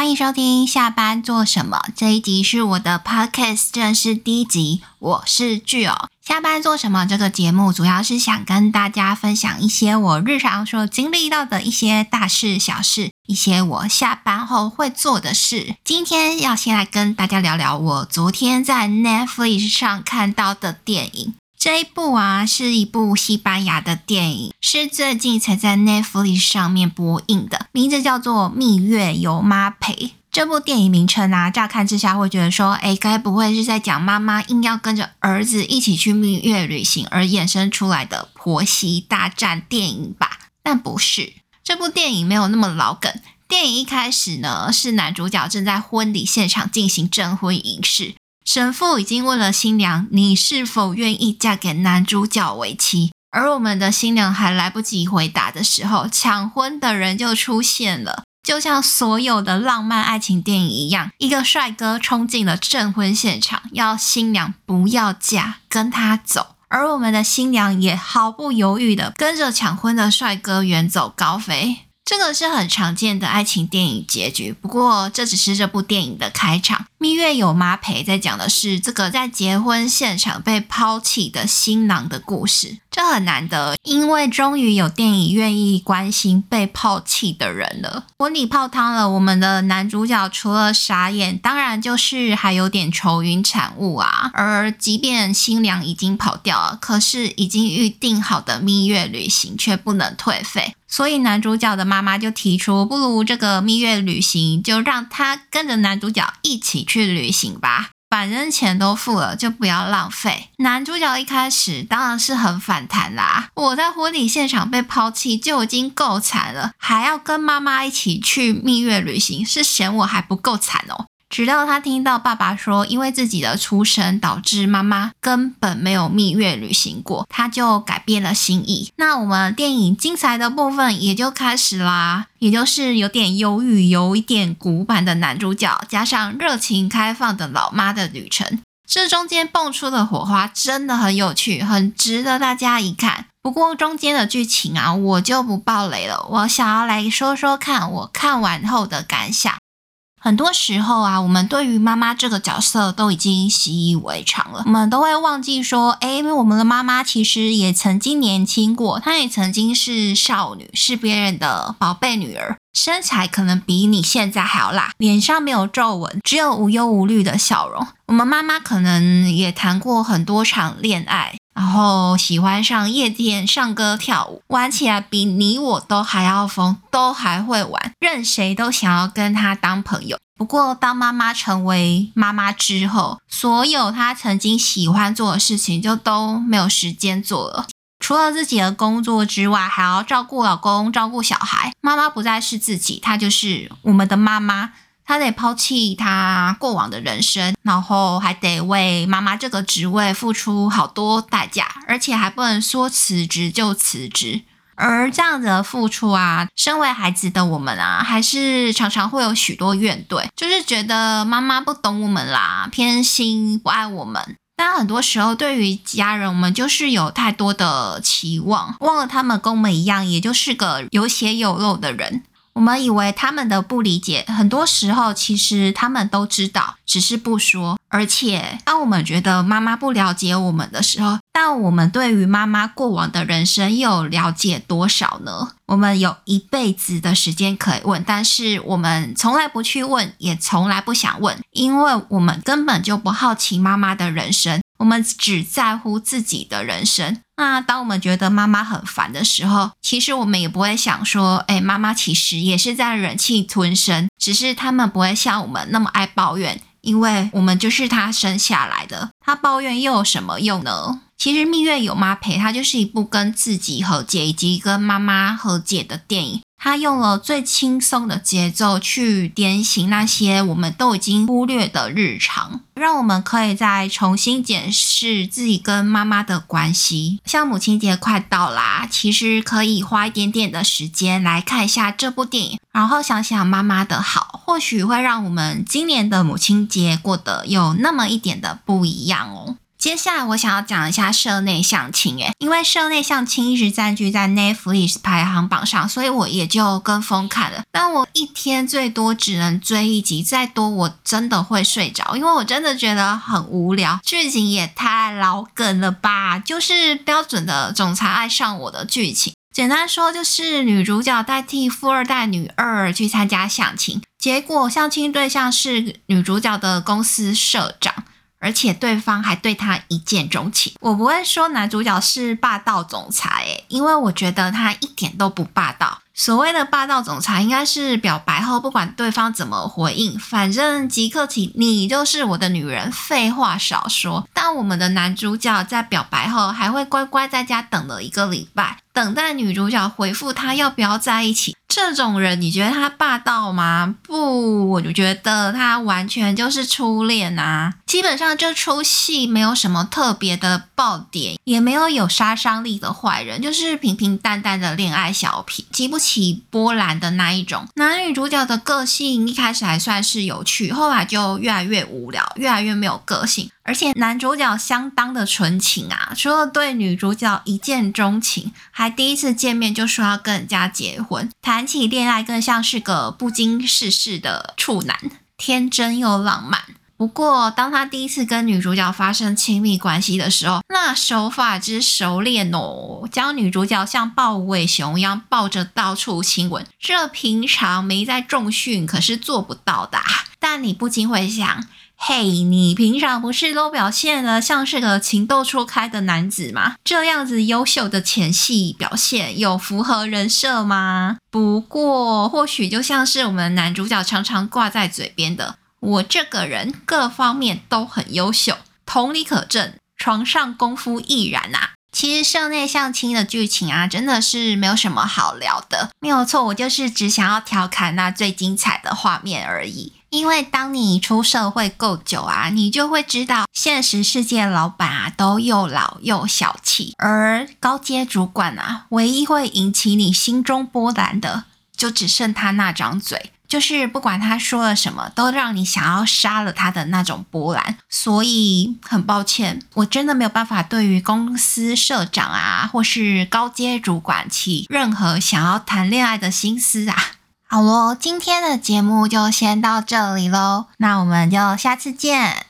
歡迎收聽《下班做什麼》，這一集是我的 podcast 正式第一集，我是巨友。下班做什麼這個節目主要是想跟大家分享一些我日常所經歷到的一些大事小事，一些我下班後會做的事。今天要先來跟大家聊聊我昨天在 Netflix 上看到的電影。這一部啊，是一部西班牙的電影，是最近才在 Netflix 上面播映的，名字叫做《蜜月有媽陪》。這部電影名稱啊，乍看之下會覺得說，哎，該不會是在講媽媽硬要跟着兒子一起去蜜月旅行而衍生出來的婆媳大戰電影吧？但不是，這部電影沒有那麼老梗。電影一開始呢，是男主角正在婚禮現場進行證婚儀式。神父已經問了新娘：“你是否願意嫁給男主角為妻？”而我們的新娘還來不及回答的時候，搶婚的人就出現了。就像所有的浪漫愛情電影一樣，一個帥哥衝進了證婚現場，要新娘不要嫁，跟他走。而我們的新娘也毫不猶豫地跟着搶婚的帥哥遠走高飛。這個是很常見的愛情電影結局，不過這只是這部電影的開場。蜜月有媽陪，在講的是這個在結婚現場被拋棄的新郎的故事，這很難得，因為終於有電影願意關心被拋棄的人了。婚禮泡湯了，我們的男主角除了傻眼，當然就是還有點愁雲慘霧啊。而即便新娘已經跑掉了，可是已經預定好的蜜月旅行卻不能退費，所以男主角的媽媽就提出，不如這個蜜月旅行就讓她跟着男主角一起去旅行吧，反正錢都付了，就不要浪費。男主角一開始當然是很反彈啦、啊，我在婚禮現場被拋棄就已經夠慘了，還要跟媽媽一起去蜜月旅行，是嫌我還不夠慘哦。直到他聽到爸爸說，因為自己的出生導致媽媽根本沒有蜜月旅行過，他就改變了心意。那我們電影精彩的部分也就開始啦啊，也就是有點憂鬱，有一點古板的男主角，加上熱情開放的老媽的旅程，這中間蹦出的火花真的很有趣，很值得大家一看。不過中間的劇情啊，我就不爆雷了，我想要來說說看我看完後的感想。很多時候啊，我們對於媽媽這個角色都已經習以為常了，我們都會忘記說，誒，因為我們的媽媽其實也曾經年輕過，她也曾經是少女，是別人的寶貝女兒，身材可能比你現在還要辣，臉上沒有皺紋，只有無憂無慮的笑容。我們媽媽可能也談過很多場戀愛。然後喜歡上夜店、唱歌、跳舞，玩起來比你我都還要瘋，都還會玩，任誰都想要跟她當朋友。不過，當媽媽成為媽媽之後，所有她曾經喜歡做的事情就都沒有時間做了，除了自己的工作之外，還要照顧老公、照顧小孩。媽媽不再是自己，她就是我們的媽媽。他得拋棄他過往的人生，然後還得為媽媽這個職位付出好多代價，而且還不能說辭職就辭職。而這樣的付出啊，身為孩子的我們啊，還是常常會有許多怨懟，就是覺得媽媽不懂我們啦，偏心不愛我們。但很多時候，對於家人，我們就是有太多的期望，忘了他們跟我們一樣，也就是個有血有肉的人。我們以為他們的不理解，很多時候其實他們都知道，只是不說。而且，當我們覺得媽媽不了解我們的時候，但我們對於媽媽過往的人生又有了解多少呢？我們有一輩子的時間可以問，但是我們從來不去問，也從來不想問，因為我們根本就不好奇媽媽的人生，我們只在乎自己的人生。那當我們覺得媽媽很煩的時候，其實我們也不會想說，哎、欸，媽媽其實也是在忍氣吞聲，只是他們不會像我們那麼愛抱怨，因為我們就是他生下來的，他抱怨又有什麼用呢？其實《蜜月有媽陪》，它就是一部跟自己和解以及跟媽媽和解的電影。他用了最輕鬆的節奏去點醒那些我們都已經忽略的日常，讓我們可以再重新檢視自己跟媽媽的關係。像母親節快到啦，其實可以花一點點的時間來看一下這部電影，然後想想媽媽的好，或許會讓我們今年的母親節過得有那麼一點的不一樣哦。接下來我想要講一下社內相親，哎，因為社內相親一直占據在 Netflix 排行榜上，所以我也就跟風看了。但我一天最多只能追一集，再多我真的會睡着，因為我真的覺得很無聊，劇情也太老梗了吧，就是標準的總裁愛上我的劇情。簡單說就是女主角代替富二代女二去參加相親，結果相親對象是女主角的公司社長。而且對方還對他一見鍾情。我不會說男主角是霸道總裁欸，因為我覺得他一點都不霸道。所謂的霸道總裁，應該是表白後不管對方怎麼回應，反正即刻起你就是我的女人。廢話少說，但我們的男主角在表白後還會乖乖在家等了一個禮拜，等待女主角回復他要不要在一起。這種人，你覺得他霸道嗎？不，我就覺得他完全就是初戀吶、啊。基本上這出戲沒有什麼特別的爆點，也沒有有殺傷力的壞人，就是平平淡淡的戀愛小品，激不起波瀾的那一種。男女主角的個性一開始還算是有趣，後來就越來越無聊，越來越沒有個性。而且男主角相當的純情啊，除了對女主角一見鍾情，還第一次見面就說要跟人家結婚。談起戀愛，更像是個不經世事的處男，天真又浪漫。不過，當他第一次跟女主角發生親密關係的時候，那手法之熟練哦，將女主角像抱尾熊一樣抱着到處親吻，這平常沒在重訓可是做不到的啊。但你不禁會想。嘿、你平常不是都表現的像是個情竇初開的男子嗎？這樣子優秀的前戲表現，有符合人設嗎？不過，或許就像是我們男主角常常掛在嘴邊的，我這個人各方面都很優秀，同理可證，床上功夫亦然啊。其實，社內相親的劇情啊，真的是沒有什麼好聊的。沒有錯，我就是只想要調侃那最精彩的畫面而已。因為當你出社會夠久啊，你就會知道現實世界老闆啊都又老又小氣，而高階主管啊，唯一會引起你心中波瀾的，就只剩他那張嘴，就是不管他說了什麼，都讓你想要殺了他的那種波瀾。所以很抱歉，我真的沒有辦法對於公司社長啊，或是高階主管起任何想要談戀愛的心思啊。好咯，今天的節目就先到這裡咯，那我們就下次見。